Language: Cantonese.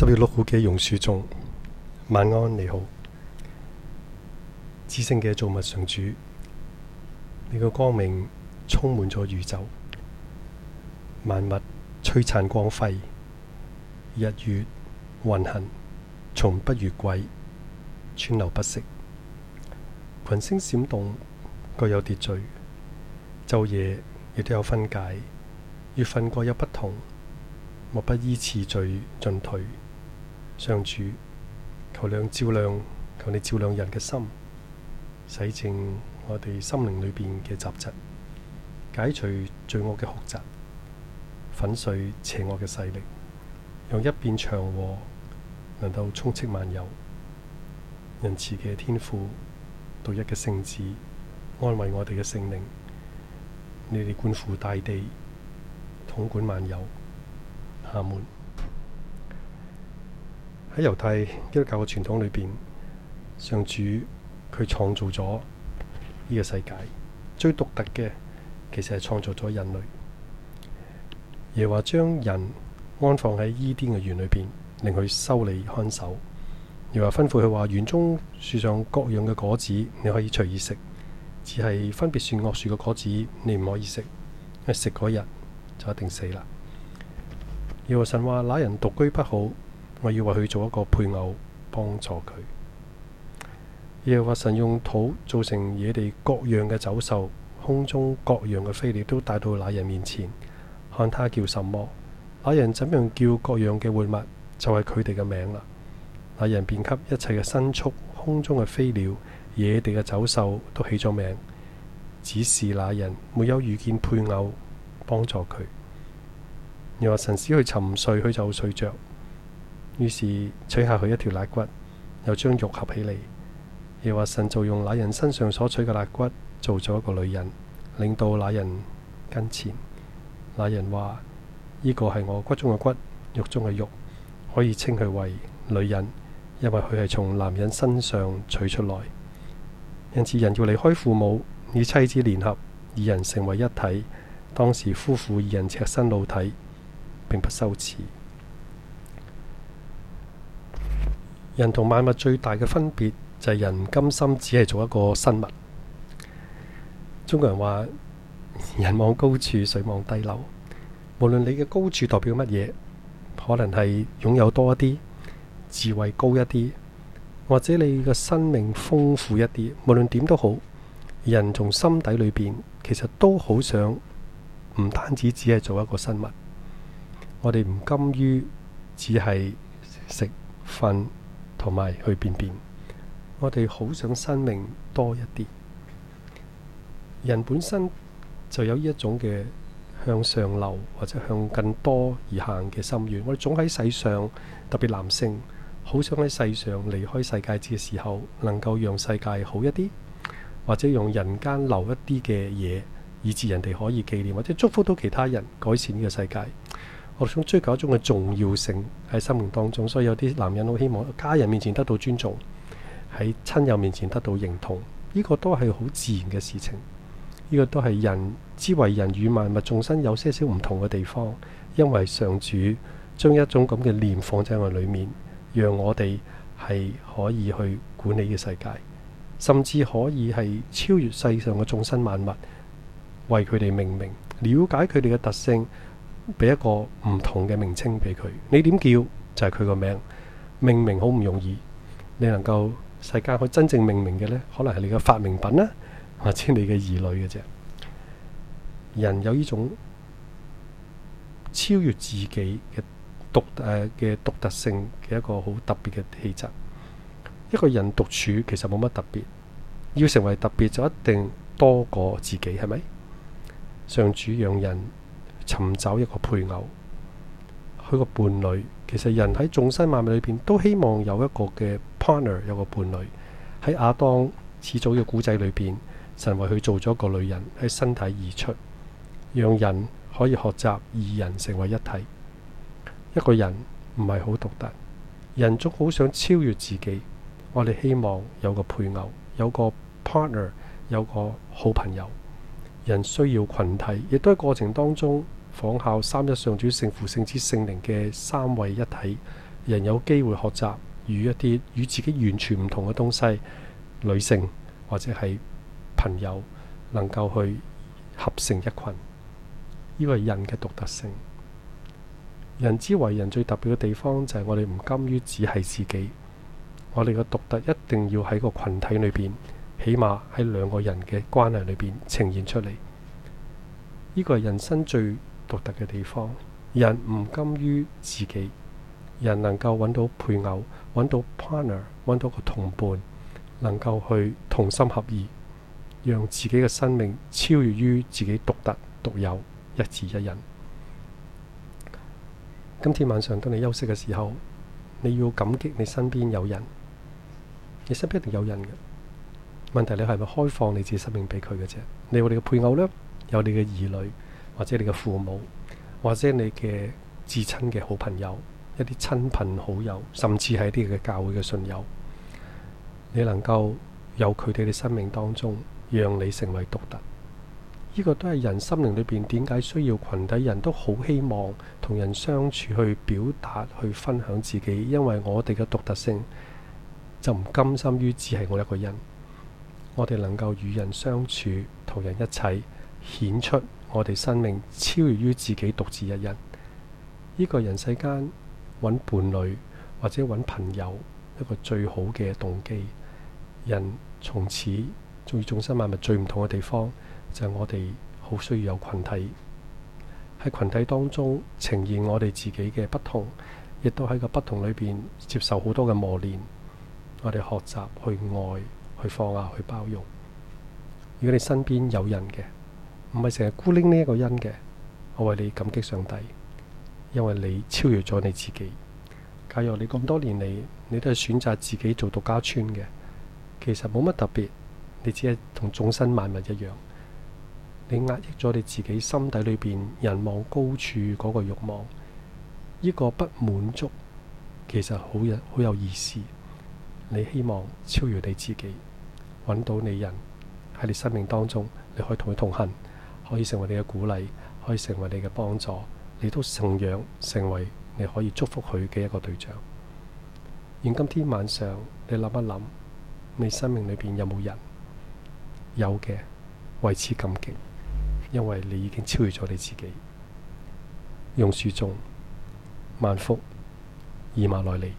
十月六號嘅榕樹中。晚安，你好。至聖嘅造物上主，你嘅光明充滿咗宇宙，萬物璀璨光輝，日月運行從不越軌，川流不息，群星閃動各有秩序，晝夜亦都有分解，月份各有不同，莫不依次序進退。上主，求亮照亮，求你照亮人嘅心，洗淨我哋心靈裏邊嘅雜質，解除罪惡嘅酷責，粉碎邪惡嘅勢力，用一片祥和能夠充斥萬有，仁慈嘅天父獨一嘅聖子，安慰我哋嘅聖靈。你哋管乎大地，統管萬有，阿門。喺猶太基督教嘅傳統裏邊，上主佢創造咗呢個世界最獨特嘅，其實係創造咗人類。耶和華將人安放喺伊甸嘅園裏邊，令佢修理看守。耶和華吩咐佢話：園中樹上各樣嘅果子你可以隨意食，只係分別善惡樹嘅果子你唔可以食，因為食嗰日就一定死啦。耶和神話：那人獨居不好。我要為佢做一個配偶幫助佢。耶和華神用土做成野地各樣嘅走獸，空中各樣嘅飛鳥，都帶到那人面前，看他叫什麼。那人怎樣叫各樣嘅活物，就係佢哋嘅名啦。那人便給一切嘅牲畜、空中嘅飛鳥、野地嘅走獸都起咗名，只是那人沒有遇見配偶幫助佢。耶和華神使佢沉睡，佢就睡着。於是取下佢一條肋骨，又將肉合起嚟，耶華神就用那人身上所取嘅肋骨做咗一個女人，領到那人跟前。那人話：呢個係我骨中嘅骨，肉中嘅肉，可以稱佢為女人，因為佢係從男人身上取出來。因此人要離開父母與妻子聯合，二人成為一體。當時夫婦二人赤身露體，並不羞恥。人同萬物,物最大嘅分別就係、是、人甘心只係做一個生物。中國人話：人往高處，水往低流。無論你嘅高處代表乜嘢，可能係擁有多一啲智慧，高一啲，或者你嘅生命豐富一啲。無論點都好，人從心底裏邊其實都好想唔單止只係做一個生物。我哋唔甘於只係食瞓。同埋去便便，我哋好想生命多一啲。人本身就有呢一種嘅向上流或者向更多而行嘅心願。我哋總喺世上，特別男性，好想喺世上離開世界之嘅時候，能夠讓世界好一啲，或者用人間留一啲嘅嘢，以至人哋可以紀念，或者祝福到其他人改善呢個世界。我想追求一種嘅重要性喺生命當中，所以有啲男人好希望家人面前得到尊重，喺親友面前得到認同，呢、這個都係好自然嘅事情。呢、這個都係人之為人與萬物眾生有些少唔同嘅地方，因為上主將一種咁嘅念放在我裏面，讓我哋係可以去管理嘅世界，甚至可以係超越世上嘅眾生萬物，為佢哋命名，了解佢哋嘅特性。俾一個唔同嘅名稱俾佢，你點叫就係佢個名。命名好唔容易，你能夠世界去真正命名嘅呢，可能係你嘅發明品啦，或者你嘅兒女嘅啫。人有呢種超越自己嘅獨誒嘅、呃、獨特性嘅一個好特別嘅氣質。一個人獨處其實冇乜特別，要成為特別就一定多過自己，係咪？上主養人。尋找一個配偶，佢個伴侶。其實人喺眾生萬物裏邊都希望有一個嘅 partner，有個伴侶。喺亞當始祖嘅古仔裏邊，神為佢做咗個女人喺身體而出，讓人可以學習二人成為一體。一個人唔係好獨特，人族好想超越自己。我哋希望有個配偶，有個 partner，有個好朋友。人需要群體，亦都喺過程當中。仿效三一上主聖父、聖子、聖靈嘅三位一體，人有機會學習與一啲與自己完全唔同嘅東西，女性或者係朋友，能夠去合成一群呢、這個係人嘅獨特性。人之為人最特別嘅地方就係我哋唔甘於只係自己，我哋嘅獨特一定要喺個群體裏邊，起碼喺兩個人嘅關係裏邊呈現出嚟。呢、這個係人生最～獨特嘅地方，人唔甘於自己，人能夠揾到配偶，揾到 partner，揾到個同伴，能夠去同心合意，讓自己嘅生命超越於自己獨特獨有一己一人。今天晚上當你休息嘅時候，你要感激你身邊有人，你身邊一定有人嘅，問題是你係咪開放你自己生命俾佢嘅啫？你有你嘅配偶呢？有你嘅兒女。或者你嘅父母，或者你嘅至親嘅好朋友，一啲親朋好友，甚至係一啲嘅教會嘅信友，你能夠有佢哋嘅生命當中，讓你成為獨特。呢個都係人心靈裏邊點解需要群體？人都好希望同人相處，去表達，去分享自己，因為我哋嘅獨特性就唔甘心於只係我一個人。我哋能夠與人相處，同人一齊。顯出我哋生命超越於自己獨自一人。呢個人世間揾伴侶或者揾朋友，一個最好嘅動機。人從此最眾生萬物最唔同嘅地方，就係我哋好需要有群體，喺群體當中呈現我哋自己嘅不同，亦都喺個不同裏邊接受好多嘅磨練。我哋學習去愛、去放下、去包容。如果你身邊有人嘅，唔係成日孤零零一個人嘅，我為你感激上帝，因為你超越咗你自己。假如你咁多年嚟，你都係選擇自己做獨家村嘅，其實冇乜特別。你只係同眾生萬物一樣，你壓抑咗你自己心底裏邊人望高處嗰個慾望，呢個不滿足其實好有好有意思。你希望超越你自己，揾到你人喺你生命當中，你可以同佢同行。可以成為你嘅鼓勵，可以成為你嘅幫助，你都同樣成為你可以祝福佢嘅一個對象。而今天晚上，你諗一諗，你生命裏邊有冇人？有嘅，為此感激，因為你已經超越咗你自己。用樹中萬福，以馬內利。